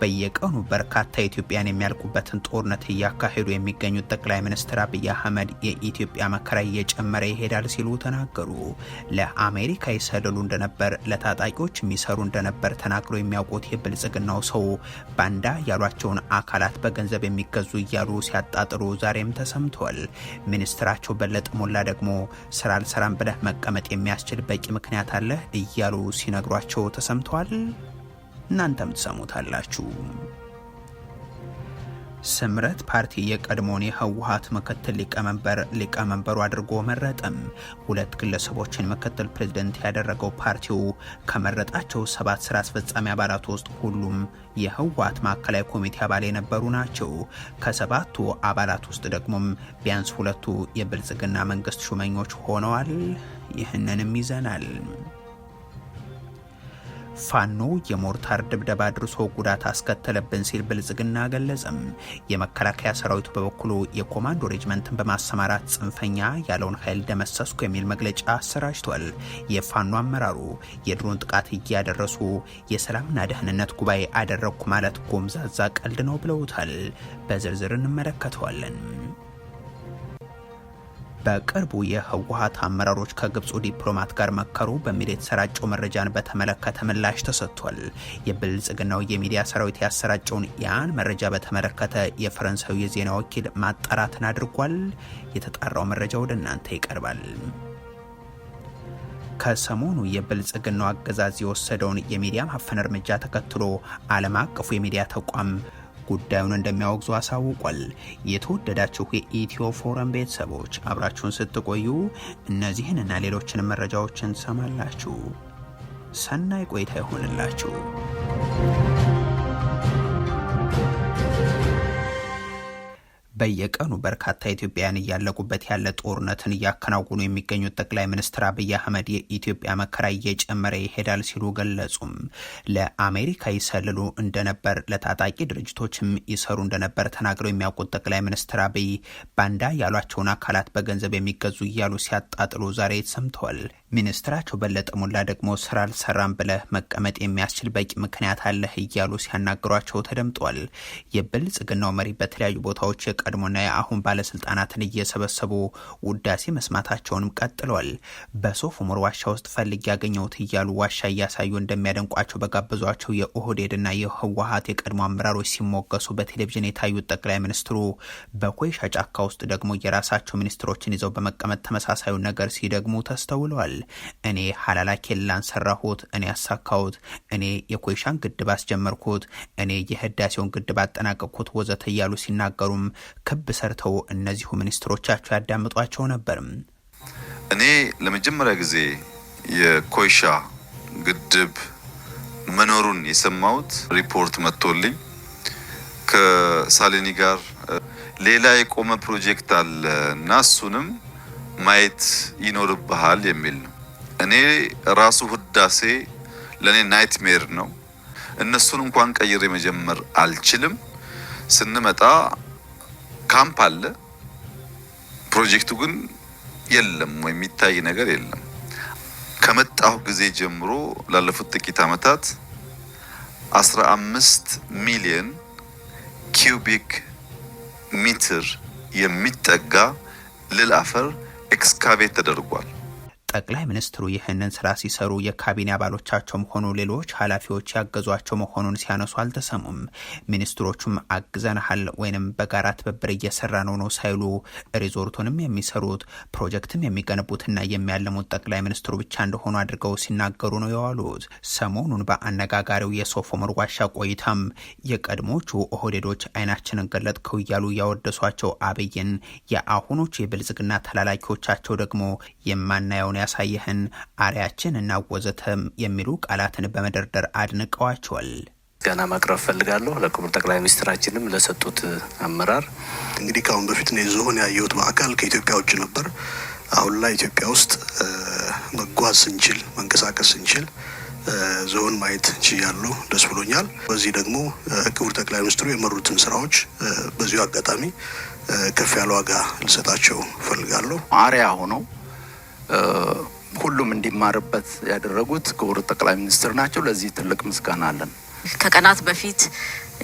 በየቀኑ በርካታ ኢትዮጵያን የሚያልቁበትን ጦርነት እያካሄዱ የሚገኙት ጠቅላይ ሚኒስትር አብይ አህመድ የኢትዮጵያ መከራ እየጨመረ ይሄዳል ሲሉ ተናገሩ። ለአሜሪካ ይሰልሉ እንደነበር ለታጣቂዎች የሚሰሩ እንደነበር ተናግሮ የሚያውቁት የብልጽግናው ሰው ባንዳ ያሏቸውን አካላት በገንዘብ የሚገዙ እያሉ ሲያጣጥሩ ዛሬም ተሰምቷል። ሚኒስትራቸው በለጠ ሞላ ደግሞ ስራ አልሰራም ብለህ መቀመጥ የሚያስችል በቂ ምክንያት አለ እያሉ ሲነግሯቸው ተሰምተዋል። እናንተም ትሰሙታላችሁ። ስምረት ፓርቲ የቀድሞውን የህወሀት ምክትል ሊቀመንበር ሊቀመንበሩ አድርጎ መረጠም። ሁለት ግለሰቦችን ምክትል ፕሬዝደንት ያደረገው ፓርቲው ከመረጣቸው ሰባት ስራ አስፈጻሚ አባላት ውስጥ ሁሉም የህወሀት ማዕከላዊ ኮሚቴ አባል የነበሩ ናቸው። ከሰባቱ አባላት ውስጥ ደግሞም ቢያንስ ሁለቱ የብልጽግና መንግስት ሹመኞች ሆነዋል። ይህንንም ይዘናል። ፋኖ የሞርታር ድብደባ አድርሶ ጉዳት አስከተለብን ሲል ብልጽግና ገለጸም። የመከላከያ ሰራዊቱ በበኩሉ የኮማንዶ ሬጅመንትን በማሰማራት ጽንፈኛ ያለውን ኃይል ደመሰስኩ የሚል መግለጫ አሰራጅቷል። የፋኖ አመራሩ የድሮን ጥቃት እያደረሱ የሰላምና ደህንነት ጉባኤ አደረግኩ ማለት ጎምዛዛ ቀልድ ነው ብለውታል። በዝርዝር እንመለከተዋለን። በቅርቡ የህወሀት አመራሮች ከግብፁ ዲፕሎማት ጋር መከሩ በሚል የተሰራጨው መረጃን በተመለከተ ምላሽ ተሰጥቷል። የብልጽግናው የሚዲያ ሰራዊት ያሰራጨውን ያን መረጃ በተመለከተ የፈረንሳዩ የዜና ወኪል ማጣራትን አድርጓል። የተጣራው መረጃ ወደ እናንተ ይቀርባል። ከሰሞኑ የብልጽግናው አገዛዝ የወሰደውን የሚዲያ ማፈን እርምጃ ተከትሎ ዓለም አቀፉ የሚዲያ ተቋም ጉዳዩን እንደሚያወግዙ አሳውቋል። የተወደዳችሁ የኢትዮ ፎረም ቤተሰቦች አብራችሁን ስትቆዩ እነዚህን እና መረጃዎችን ሰማላችሁ። ሰናይ ቆይታ ይሆንላችሁ። በየቀኑ በርካታ ኢትዮጵያውያን እያለቁበት ያለ ጦርነትን እያከናወኑ የሚገኙት ጠቅላይ ሚኒስትር አብይ አህመድ የኢትዮጵያ መከራ እየጨመረ ይሄዳል ሲሉ ገለጹም። ለአሜሪካ ይሰልሉ እንደነበር ለታጣቂ ድርጅቶችም ይሰሩ እንደነበር ተናግረው የሚያውቁት ጠቅላይ ሚኒስትር አብይ ባንዳ ያሏቸውን አካላት በገንዘብ የሚገዙ እያሉ ሲያጣጥሉ ዛሬ ሰምተዋል። ሚኒስትራቸው በለጠ ሞላ ደግሞ ስራ አልሰራም ብለህ መቀመጥ የሚያስችል በቂ ምክንያት አለህ እያሉ ሲያናግሯቸው ተደምጧል። የብልጽግናው መሪ በተለያዩ ቦታዎች የቀድሞና የአሁን ባለስልጣናትን እየሰበሰቡ ውዳሴ መስማታቸውንም በሶፍ ሙር ዋሻ ውስጥ ፈልግ ያገኘሁት እያሉ ዋሻ እያሳዩ እንደሚያደንቋቸው በጋበዟቸው የኦህዴድና የህወሀት የቀድሞ አመራሮች ሲሞገሱ በቴሌቪዥን የታዩት ጠቅላይ ሚኒስትሩ በኮይሻ ጫካ ውስጥ ደግሞ የራሳቸው ሚኒስትሮችን ይዘው በመቀመጥ ተመሳሳዩ ነገር ሲደግሙ ተስተውለዋል። እኔ ሀላላ ኬላን ሰራሁት፣ እኔ ያሳካሁት፣ እኔ የኮይሻን ግድብ አስጀመርኩት፣ እኔ የህዳሴውን ግድብ አጠናቀቅኩት ወዘተ እያሉ ሲናገሩም ክብ ሰርተው እነዚሁ ሚኒስትሮቻቸው ያዳምጧቸው ነበርም። እኔ ለመጀመሪያ ጊዜ የኮይሻ ግድብ መኖሩን የሰማሁት ሪፖርት መጥቶልኝ ከሳሊኒ ጋር ሌላ የቆመ ፕሮጀክት አለ እና እሱንም ማየት ይኖርብሃል የሚል ነው። እኔ ራሱ ህዳሴ ለእኔ ናይትሜር ነው። እነሱን እንኳን ቀይሬ መጀመር አልችልም። ስንመጣ ካምፕ አለ፣ ፕሮጀክቱ ግን የለም ወይ የሚታይ ነገር የለም። ከመጣሁ ጊዜ ጀምሮ ላለፉት ጥቂት ዓመታት አምስት ሚሊዮን ኪዩቢክ ሜትር የሚጠጋ ልል አፈር ኤክስካቬት ተደርጓል። ጠቅላይ ሚኒስትሩ ይህንን ስራ ሲሰሩ የካቢኔ አባሎቻቸውም ሆኑ ሌሎች ኃላፊዎች ያገዟቸው መሆኑን ሲያነሱ አልተሰሙም። ሚኒስትሮቹም አግዘናሃል ወይንም በጋራ ትብብር እየሰራ ነው ነው ሳይሉ ሪዞርቱንም የሚሰሩት ፕሮጀክትም የሚገነቡትና የሚያለሙት ጠቅላይ ሚኒስትሩ ብቻ እንደሆኑ አድርገው ሲናገሩ ነው የዋሉት። ሰሞኑን በአነጋጋሪው የሶፎመር ዋሻ ቆይታም የቀድሞቹ ኦህዴዶች አይናችንን ገለጥከው እያሉ እያወደሷቸው አብይን የአሁኖቹ የብልጽግና ተላላኪዎቻቸው ደግሞ የማናየውን የሚያሳይህን አርያችን እናወዘተም የሚሉ ቃላትን በመደርደር አድንቀዋቸዋል። ገና ማቅረብ ፈልጋለሁ ለክቡር ጠቅላይ ሚኒስትራችንም ለሰጡት አመራር። እንግዲህ ከአሁን በፊት ነው የዞን ያየሁት በአካል ከኢትዮጵያ ውጭ ነበር። አሁን ላይ ኢትዮጵያ ውስጥ መጓዝ ስንችል መንቀሳቀስ ስንችል ዞን ማየት ችያለሁ። ደስ ብሎኛል። በዚህ ደግሞ ክቡር ጠቅላይ ሚኒስትሩ የመሩትን ስራዎች በዚሁ አጋጣሚ ከፍ ያለ ዋጋ ልሰጣቸው ፈልጋለሁ። አሪያ ሆነው ሁሉም እንዲማርበት ያደረጉት ክቡር ጠቅላይ ሚኒስትር ናቸው። ለዚህ ትልቅ ምስጋና አለን። ከቀናት በፊት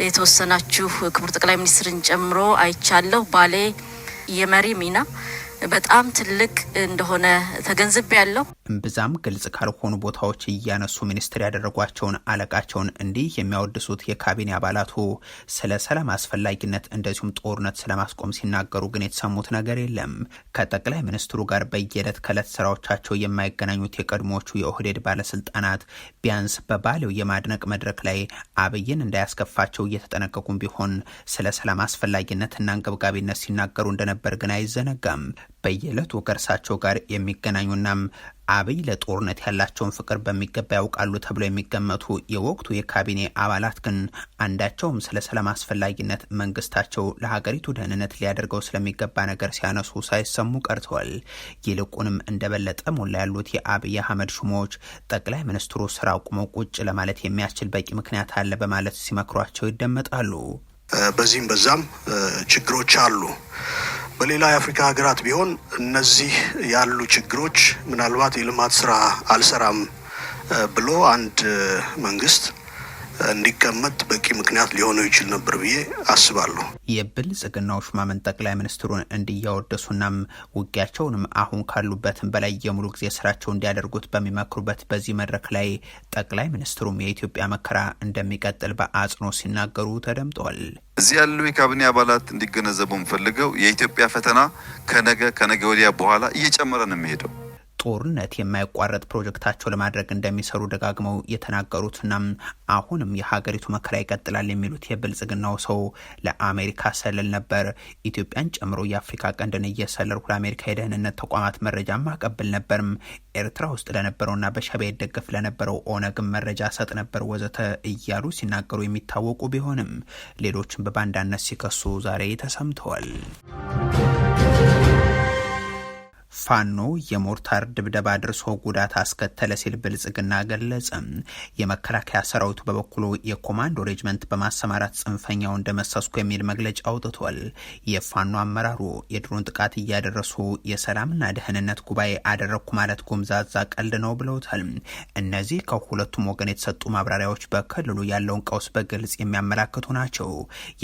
የተወሰናችሁ ክቡር ጠቅላይ ሚኒስትርን ጨምሮ አይቻለሁ። ባሌ የመሪ ሚና በጣም ትልቅ እንደሆነ ተገንዝቤ ያለው። እምብዛም ግልጽ ካልሆኑ ቦታዎች እያነሱ ሚኒስትር ያደረጓቸውን አለቃቸውን እንዲህ የሚያወድሱት የካቢኔ አባላቱ ስለ ሰላም አስፈላጊነት እንደዚሁም ጦርነት ስለማስቆም ሲናገሩ ግን የተሰሙት ነገር የለም። ከጠቅላይ ሚኒስትሩ ጋር በየዕለት ከዕለት ስራዎቻቸው የማይገናኙት የቀድሞቹ የኦህዴድ ባለስልጣናት ቢያንስ በባሌው የማድነቅ መድረክ ላይ አብይን እንዳያስከፋቸው እየተጠነቀቁም ቢሆን ስለ ሰላም አስፈላጊነትና አንገብጋቢነት ሲናገሩ እንደነበር ግን አይዘነጋም። በየዕለቱ ከእርሳቸው ጋር የሚገናኙናም አብይ ለጦርነት ያላቸውን ፍቅር በሚገባ ያውቃሉ ተብለው የሚገመቱ የወቅቱ የካቢኔ አባላት ግን አንዳቸውም ስለ ሰላም አስፈላጊነት መንግስታቸው ለሀገሪቱ ደህንነት ሊያደርገው ስለሚገባ ነገር ሲያነሱ ሳይሰሙ ቀርተዋል። ይልቁንም እንደበለጠ ሞላ ያሉት የአብይ አህመድ ሹሞች ጠቅላይ ሚኒስትሩ ስራ አቁመው ቁጭ ለማለት የሚያስችል በቂ ምክንያት አለ በማለት ሲመክሯቸው ይደመጣሉ። በዚህም በዛም ችግሮች አሉ። በሌላ የአፍሪካ ሀገራት ቢሆን እነዚህ ያሉ ችግሮች ምናልባት የልማት ስራ አልሰራም ብሎ አንድ መንግስት እንዲቀመጥ በቂ ምክንያት ሊሆነው ይችል ነበር ብዬ አስባለሁ። የብልጽግናው ሹማምንት ጠቅላይ ሚኒስትሩን እንዲያወደሱናም ውጊያቸውንም አሁን ካሉበትም በላይ የሙሉ ጊዜ ስራቸው እንዲያደርጉት በሚመክሩበት በዚህ መድረክ ላይ ጠቅላይ ሚኒስትሩም የኢትዮጵያ መከራ እንደሚቀጥል በአጽኖ ሲናገሩ ተደምጧል። እዚህ ያሉ የካቢኔ አባላት እንዲገነዘቡ የምፈልገው የኢትዮጵያ ፈተና ከነገ ከነገ ወዲያ በኋላ እየጨመረ ነው የሚሄደው ጦርነት የማይቋረጥ ፕሮጀክታቸው ለማድረግ እንደሚሰሩ ደጋግመው የተናገሩትና አሁንም የሀገሪቱ መከራ ይቀጥላል የሚሉት የብልጽግናው ሰው ለአሜሪካ ሰልል ነበር። ኢትዮጵያን ጨምሮ የአፍሪካ ቀንድን እየሰለልኩ ለአሜሪካ የደህንነት ተቋማት መረጃ ማቀብል ነበርም። ኤርትራ ውስጥ ለነበረውና በሻዕቢያ ይደገፍ ለነበረው ኦነግም መረጃ ሰጥ ነበር ወዘተ እያሉ ሲናገሩ የሚታወቁ ቢሆንም ሌሎችን በባንዳነት ሲከሱ ዛሬ ተሰምተዋል። ፋኖ የሞርታር ድብደባ አድርሶ ጉዳት አስከተለ ሲል ብልጽግና ገለጸ። የመከላከያ ሰራዊቱ በበኩሉ የኮማንዶ ሬጅመንት በማሰማራት ጽንፈኛው እንደመሰስኩ የሚል መግለጫ አውጥቷል። የፋኖ አመራሩ የድሮን ጥቃት እያደረሱ የሰላምና ደህንነት ጉባኤ አደረግኩ ማለት ጎምዛዛ ቀልድ ነው ብለውታል። እነዚህ ከሁለቱም ወገን የተሰጡ ማብራሪያዎች በክልሉ ያለውን ቀውስ በግልጽ የሚያመላክቱ ናቸው።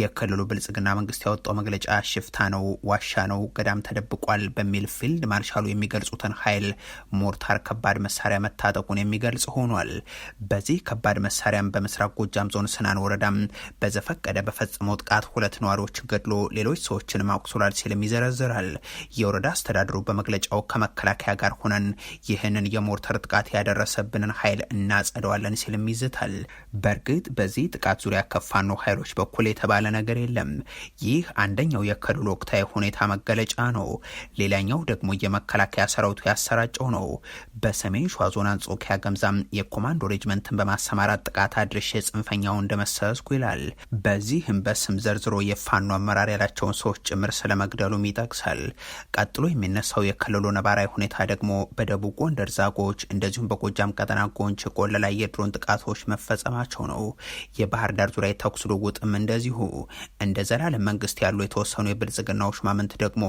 የክልሉ ብልጽግና መንግስት ያወጣው መግለጫ ሽፍታ ነው፣ ዋሻ ነው፣ ገዳም ተደብቋል በሚል ፊልድ እንዳልቻሉ የሚገልጹትን ኃይል ሞርታር ከባድ መሳሪያ መታጠቁን የሚገልጽ ሆኗል። በዚህ ከባድ መሳሪያም በምስራቅ ጎጃም ዞን ስናን ወረዳም በዘፈቀደ በፈጸመው ጥቃት ሁለት ነዋሪዎች ገድሎ ሌሎች ሰዎችን ማቁሰሏል ሲልም ይዘረዝራል። የወረዳ አስተዳድሩ በመግለጫው ከመከላከያ ጋር ሆነን ይህንን የሞርተር ጥቃት ያደረሰብንን ኃይል እናጸደዋለን ሲልም ይዝታል። በእርግጥ በዚህ ጥቃት ዙሪያ ከፋኖ ኃይሎች በኩል የተባለ ነገር የለም። ይህ አንደኛው የክልሉ ወቅታዊ ሁኔታ መገለጫ ነው። ሌላኛው ደግሞ የመከላከያ ሰራዊቱ ያሰራጨው ነው። በሰሜን ሸዋ ዞን አንጾኪያ ገምዛም የኮማንዶ ሬጅመንትን በማሰማራት ጥቃት አድርሼ ጽንፈኛው እንደመሰስኩ ይላል። በዚህም በስም ዘርዝሮ የፋኖ አመራር ያላቸውን ሰዎች ጭምር ስለመግደሉም ይጠቅሳል። ቀጥሎ የሚነሳው የክልሉ ነባራዊ ሁኔታ ደግሞ በደቡብ ጎንደር ዛጎች፣ እንደዚሁም በጎጃም ቀጠና ጎንች ላይ የድሮን ጥቃቶች መፈጸማቸው ነው። የባህር ዳር ዙሪያ የተኩስ ልውውጥም እንደዚሁ እንደ ዘላለም መንግስት ያሉ የተወሰኑ የብልጽግናዎች ማመንት ደግሞ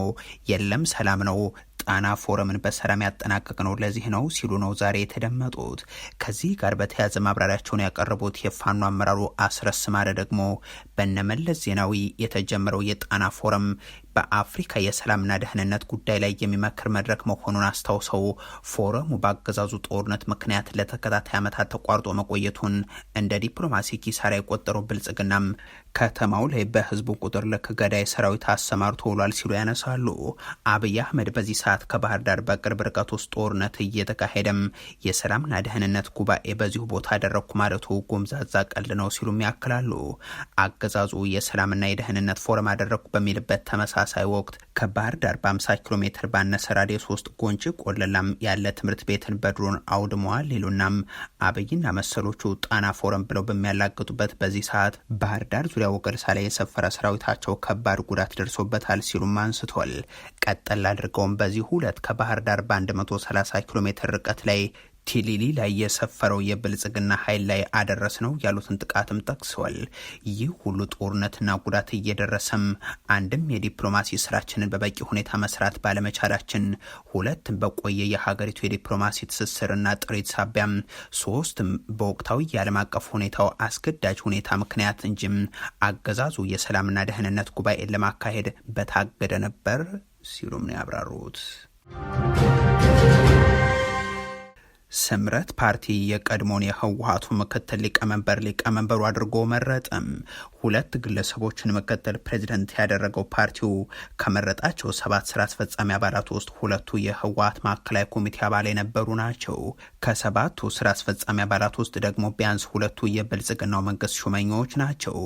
የለም ሰላም ነው ጣና ፎረምን በሰላም ያጠናቀቅ ነው ለዚህ ነው ሲሉ ነው ዛሬ የተደመጡት። ከዚህ ጋር በተያያዘ ማብራሪያቸውን ያቀረቡት የፋኖ አመራሩ አስረስ ማረ ደግሞ በነመለስ ዜናዊ የተጀመረው የጣና ፎረም በአፍሪካ የሰላምና ደህንነት ጉዳይ ላይ የሚመክር መድረክ መሆኑን አስታውሰው ፎረሙ በአገዛዙ ጦርነት ምክንያት ለተከታታይ ዓመታት ተቋርጦ መቆየቱን እንደ ዲፕሎማሲ ኪሳራ የቆጠረው ብልጽግናም ከተማው ላይ በህዝቡ ቁጥር ልክ ገዳይ ሰራዊት አሰማርቶ ውሏል ሲሉ ያነሳሉ። አብይ አህመድ በዚህ ሰዓት ከባህር ዳር በቅርብ ርቀት ውስጥ ጦርነት እየተካሄደም የሰላምና ደህንነት ጉባኤ በዚሁ ቦታ አደረግኩ ማለቱ ጎምዛዛ ቀል ነው ሲሉም ያክላሉ። አገዛዙ የሰላምና የደህንነት ፎረም አደረግኩ በሚልበት ተመሳ ተመሳሳይ ወቅት ከባህር ዳር በ50 ኪሎ ሜትር ባነሰ ራዲየስ ውስጥ ጎንጂ ቆለላም ያለ ትምህርት ቤትን በድሮን አውድመዋል ሌሉናም አብይና መሰሎቹ ጣና ፎረም ብለው በሚያላግጡበት በዚህ ሰዓት ባህር ዳር ዙሪያ ወገርሳ ላይ የሰፈረ ሰራዊታቸው ከባድ ጉዳት ደርሶበታል ሲሉም አንስቷል። ቀጠል አድርገውም በዚህ ሁለት ከባህር ዳር በ130 ኪሎ ሜትር ርቀት ላይ ቲሊሊ ላይ የሰፈረው የብልጽግና ኃይል ላይ አደረስ ነው ያሉትን ጥቃትም ጠቅሰዋል። ይህ ሁሉ ጦርነትና ጉዳት እየደረሰም አንድም የዲፕሎማሲ ስራችንን በበቂ ሁኔታ መስራት ባለመቻላችን፣ ሁለት በቆየ የሀገሪቱ የዲፕሎማሲ ትስስርና ጥሪት ሳቢያም፣ ሶስትም በወቅታዊ የዓለም አቀፍ ሁኔታው አስገዳጅ ሁኔታ ምክንያት እንጂም አገዛዙ የሰላምና ደህንነት ጉባኤን ለማካሄድ በታገደ ነበር ሲሉም ነው ያብራሩት። ስምረት ፓርቲ የቀድሞውን የህወሀቱ ምክትል ሊቀመንበር ሊቀመንበሩ አድርጎ መረጠም። ሁለት ግለሰቦችን መቀጠል ፕሬዚደንት ያደረገው ፓርቲው ከመረጣቸው ሰባት ስራ አስፈጻሚ አባላት ውስጥ ሁለቱ የህወሓት ማዕከላዊ ኮሚቴ አባል የነበሩ ናቸው። ከሰባቱ ስራ አስፈጻሚ አባላት ውስጥ ደግሞ ቢያንስ ሁለቱ የብልጽግናው መንግስት ሹመኞች ናቸው።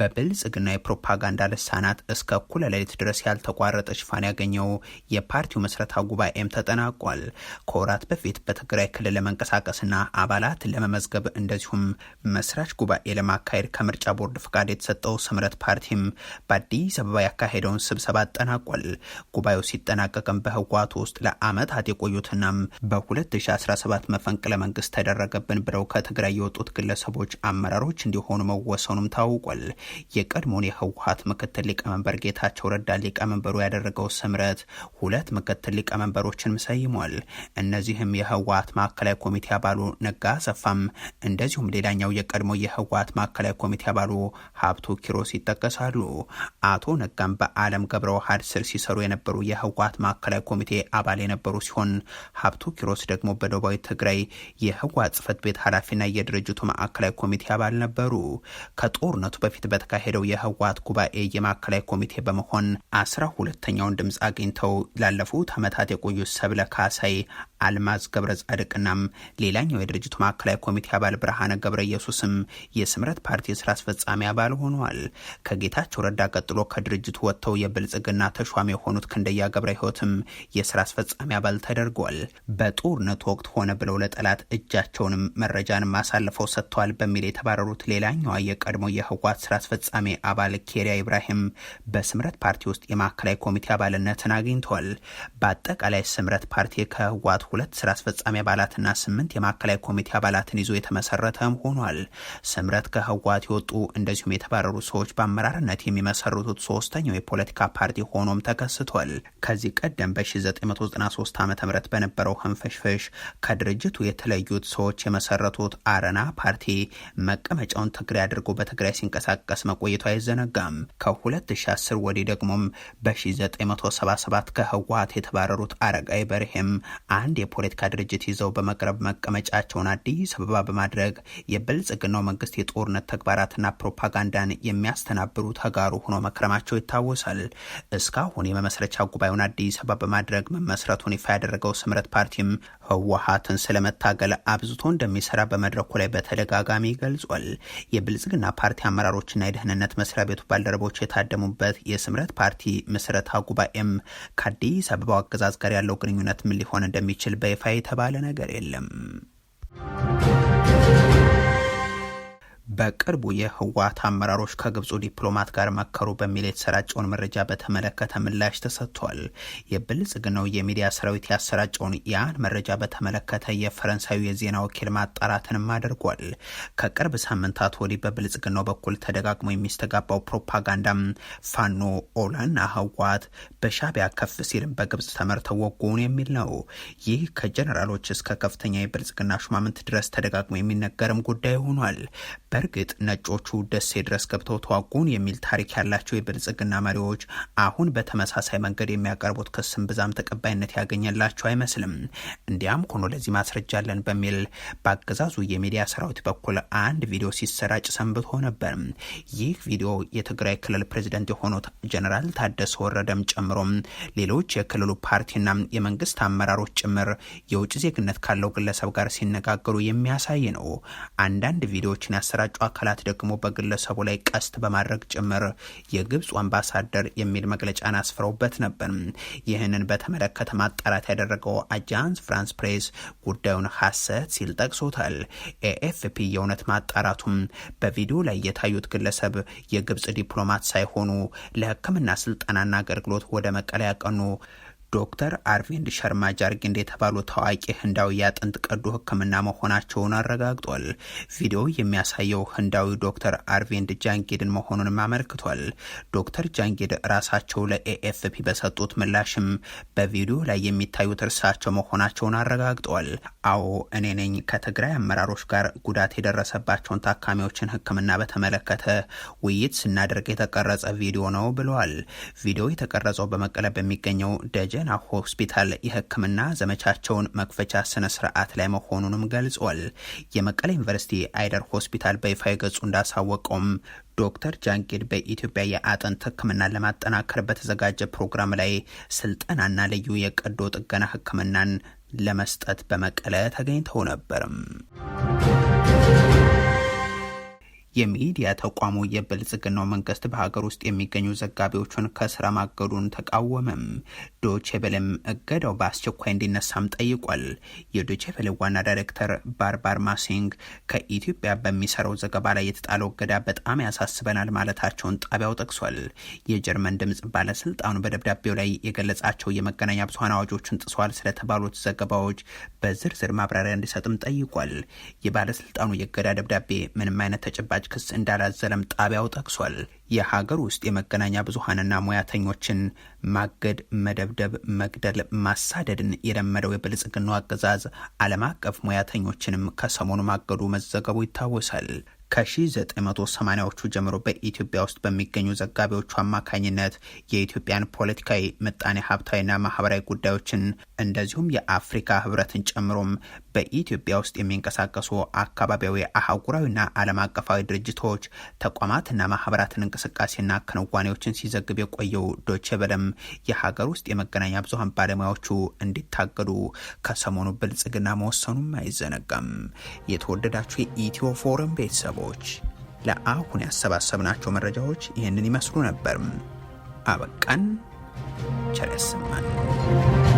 በብልጽግና የፕሮፓጋንዳ ልሳናት እስከ እኩለ ሌሊት ድረስ ያልተቋረጠ ሽፋን ያገኘው የፓርቲው መስረታ ጉባኤም ተጠናቋል። ከወራት በፊት በትግራይ ክልል ለመንቀሳቀስና አባላት ለመመዝገብ እንደዚሁም መስራች ጉባኤ ለማካሄድ ከምርጫ ቦርድ ፍቃድ ፈቃድ የተሰጠው ስምረት ፓርቲም በአዲስ አበባ ያካሄደውን ስብሰባ አጠናቋል። ጉባኤው ሲጠናቀቅም በህወሓቱ ውስጥ ለአመታት የቆዩትናም በ2017 መፈንቅለ መንግስት ተደረገብን ብለው ከትግራይ የወጡት ግለሰቦች አመራሮች እንዲሆኑ መወሰኑም ታውቋል። የቀድሞውን የህወሓት ምክትል ሊቀመንበር ጌታቸው ረዳ ሊቀመንበሩ ያደረገው ስምረት ሁለት ምክትል ሊቀመንበሮችንም ሰይሟል። እነዚህም የህወሓት ማዕከላዊ ኮሚቴ አባሉ ነጋ ሰፋም እንደዚሁም ሌላኛው የቀድሞ የህወሓት ማዕከላዊ ኮሚቴ አባሉ ሀብቱ ኪሮስ ይጠቀሳሉ። አቶ ነጋም በአለም ገብረ ዋህድ ስር ሲሰሩ የነበሩ የህወሓት ማዕከላዊ ኮሚቴ አባል የነበሩ ሲሆን ሀብቱ ኪሮስ ደግሞ በደቡባዊ ትግራይ የህወሓት ጽህፈት ቤት ኃላፊና የድርጅቱ ማዕከላዊ ኮሚቴ አባል ነበሩ። ከጦርነቱ በፊት በተካሄደው የህወሓት ጉባኤ የማዕከላዊ ኮሚቴ በመሆን አስራ ሁለተኛውን ድምፅ አግኝተው ላለፉት ዓመታት የቆዩ ሰብለ ካሳይ አልማዝ ገብረ ጻድቅናም ሌላኛው የድርጅቱ ማዕከላዊ ኮሚቴ አባል ብርሃነ ገብረ ኢየሱስም የስምረት ፓርቲ የስራ አስፈጻሚ አባል ሆነዋል። ከጌታቸው ረዳ ቀጥሎ ከድርጅቱ ወጥተው የብልጽግና ተሿሚ የሆኑት ክንደያ ገብረ ህይወትም የስራ አስፈጻሚ አባል ተደርጓል። በጦርነቱ ወቅት ሆነ ብለው ለጠላት እጃቸውንም መረጃን አሳልፈው ሰጥተዋል በሚል የተባረሩት ሌላኛዋ የቀድሞ የህወሓት ስራ አስፈጻሚ አባል ኬሪያ ኢብራሂም በስምረት ፓርቲ ውስጥ የማዕከላዊ ኮሚቴ አባልነትን አግኝተዋል። በአጠቃላይ ስምረት ፓርቲ ከህወሓት ሁለት ስራ አስፈጻሚ አባላትና ስምንት የማዕከላዊ ኮሚቴ አባላትን ይዞ የተመሰረተም ሆኗል። ስምረት ከህወሓት የወጡ እንደዚሁም የተባረሩ ሰዎች በአመራርነት የሚመሰርቱት ሶስተኛው የፖለቲካ ፓርቲ ሆኖም ተከስቷል። ከዚህ ቀደም በ1993 ዓ ም በነበረው ህንፍሽፍሽ ከድርጅቱ የተለዩት ሰዎች የመሰረቱት አረና ፓርቲ መቀመጫውን ትግራይ አድርጎ በትግራይ ሲንቀሳቀስ መቆየቱ አይዘነጋም። ከ2010 ወዲህ ደግሞም በ1977 ከህወሓት የተባረሩት አረጋይ በርሄም አንድ የፖለቲካ ድርጅት ይዘው በመቅረብ መቀመጫቸውን አዲስ አበባ በማድረግ የብልጽግናው መንግስት የጦርነት ተግባራትና ፕሮፓጋንዳን የሚያስተናብሩ ተጋሩ ሆኖ መክረማቸው ይታወሳል። እስካሁን የመመስረቻ ጉባኤውን አዲስ አበባ በማድረግ መመስረቱን ይፋ ያደረገው ስምረት ፓርቲም ህወሀትን ስለመታገል አብዝቶ እንደሚሰራ በመድረኩ ላይ በተደጋጋሚ ገልጿል። የብልጽግና ፓርቲ አመራሮችና የደህንነት መስሪያ ቤቱ ባልደረቦች የታደሙበት የስምረት ፓርቲ ምስረታ ጉባኤም ከአዲስ አበባው አገዛዝ ጋር ያለው ግንኙነት ምን ሊሆን እንደሚችል እንደሚችል በይፋ የተባለ ነገር የለም። በቅርቡ የህወሓት አመራሮች ከግብፁ ዲፕሎማት ጋር መከሩ በሚል የተሰራጨውን መረጃ በተመለከተ ምላሽ ተሰጥቷል። የብልጽግናው የሚዲያ ሰራዊት ያሰራጨውን ያን መረጃ በተመለከተ የፈረንሳዩ የዜና ወኪል ማጣራትንም አድርጓል። ከቅርብ ሳምንታት ወዲህ በብልጽግናው በኩል ተደጋግሞ የሚስተጋባው ፕሮፓጋንዳም ፋኖ ኦላና ህወሓት በሻቢያ ከፍ ሲልም በግብፅ ተመርተው ወጉን የሚል ነው። ይህ ከጀነራሎች እስከ ከፍተኛ የብልጽግና ሹማምንት ድረስ ተደጋግሞ የሚነገርም ጉዳይ ሆኗል። በእርግጥ ነጮቹ ደሴ ድረስ ገብተው ተዋጉን የሚል ታሪክ ያላቸው የብልጽግና መሪዎች አሁን በተመሳሳይ መንገድ የሚያቀርቡት ክስም ብዛም ተቀባይነት ያገኘላቸው አይመስልም። እንዲያም ሆኖ ለዚህ ማስረጃ አለን በሚል በአገዛዙ የሚዲያ ሰራዊት በኩል አንድ ቪዲዮ ሲሰራጭ ሰንብቶ ነበር። ይህ ቪዲዮ የትግራይ ክልል ፕሬዚደንት የሆኑት ጀኔራል ታደሰ ወረደም ጨምሮ ሌሎች የክልሉ ፓርቲና የመንግስት አመራሮች ጭምር የውጭ ዜግነት ካለው ግለሰብ ጋር ሲነጋገሩ የሚያሳይ ነው። አንዳንድ ቪዲዮዎችን ያሰራ የሚያሰራጩ አካላት ደግሞ በግለሰቡ ላይ ቀስት በማድረግ ጭምር የግብፁ አምባሳደር የሚል መግለጫን አስፍረውበት ነበር። ይህንን በተመለከተ ማጣራት ያደረገው አጃንስ ፍራንስ ፕሬስ ጉዳዩን ሐሰት ሲል ጠቅሶታል። ኤኤፍፒ የእውነት ማጣራቱም በቪዲዮ ላይ የታዩት ግለሰብ የግብፅ ዲፕሎማት ሳይሆኑ ለሕክምና ስልጠናና አገልግሎት ወደ መቀለ ያቀኑ ዶክተር አርቪንድ ሸርማ ጃርጊንድ የተባሉ ታዋቂ ህንዳዊ የአጥንት ቀዶ ህክምና መሆናቸውን አረጋግጧል። ቪዲዮ የሚያሳየው ህንዳዊ ዶክተር አርቪንድ ጃንጌድን መሆኑንም አመልክቷል። ዶክተር ጃንጌድ ራሳቸው ለኤኤፍፒ በሰጡት ምላሽም በቪዲዮ ላይ የሚታዩት እርሳቸው መሆናቸውን አረጋግጠዋል። አዎ እኔ ነኝ ከትግራይ አመራሮች ጋር ጉዳት የደረሰባቸውን ታካሚዎችን ህክምና በተመለከተ ውይይት ስናደርግ የተቀረጸ ቪዲዮ ነው ብለዋል። ቪዲዮ የተቀረጸው በመቀለብ በሚገኘው ደጀ በጤና ሆስፒታል የህክምና ዘመቻቸውን መክፈቻ ስነ ስርዓት ላይ መሆኑንም ገልጿል። የመቀሌ ዩኒቨርሲቲ አይደር ሆስፒታል በይፋ ገጹ እንዳሳወቀውም ዶክተር ጃንጌድ በኢትዮጵያ የአጥንት ህክምና ለማጠናከር በተዘጋጀ ፕሮግራም ላይ ስልጠናና ልዩ የቀዶ ጥገና ህክምናን ለመስጠት በመቀለ ተገኝተው ነበርም። የሚዲያ ተቋሙ የብልጽግናው መንግስት በሀገር ውስጥ የሚገኙ ዘጋቢዎቹን ከስራ ማገዱን ተቃወመም። ዶቼቬለም እገዳው በአስቸኳይ እንዲነሳም ጠይቋል። የዶቼቬሌ ዋና ዳይሬክተር ባርባር ማሲንግ ከኢትዮጵያ በሚሰራው ዘገባ ላይ የተጣለው እገዳ በጣም ያሳስበናል ማለታቸውን ጣቢያው ጠቅሷል። የጀርመን ድምፅ ባለስልጣኑ በደብዳቤው ላይ የገለጻቸው የመገናኛ ብዙሀን አዋጆችን ጥሰዋል ስለተባሉት ዘገባዎች በዝርዝር ማብራሪያ እንዲሰጥም ጠይቋል። የባለስልጣኑ የእገዳ ደብዳቤ ምንም አይነት ተጨባ ወላጅ ክስ እንዳላዘለም ጣቢያው ጠቅሷል። የሀገር ውስጥ የመገናኛ ብዙሀንና ሙያተኞችን ማገድ፣ መደብደብ፣ መግደል፣ ማሳደድን የለመደው የብልጽግናው አገዛዝ ዓለም አቀፍ ሙያተኞችንም ከሰሞኑ ማገዱ መዘገቡ ይታወሳል። ከ1980ዎቹ ጀምሮ በኢትዮጵያ ውስጥ በሚገኙ ዘጋቢዎቹ አማካኝነት የኢትዮጵያን ፖለቲካዊ፣ ምጣኔ ሀብታዊና ማህበራዊ ጉዳዮችን እንደዚሁም የአፍሪካ ህብረትን ጨምሮም በኢትዮጵያ ውስጥ የሚንቀሳቀሱ አካባቢያዊ፣ አህጉራዊና ዓለም አቀፋዊ ድርጅቶች ተቋማትና ማህበራትን እንቅስቃሴና ክንዋኔዎችን ሲዘግብ የቆየው ዶቼ ቬለም የሀገር ውስጥ የመገናኛ ብዙሀን ባለሙያዎቹ እንዲታገዱ ከሰሞኑ ብልጽግና መወሰኑም አይዘነጋም። የተወደዳችሁ የኢትዮ ፎረም ቤተሰቡ ቤተሰቦች ለአሁን ያሰባሰብናቸው መረጃዎች ይህንን ይመስሉ ነበርም። አበቃን። ቸር ያሰማን።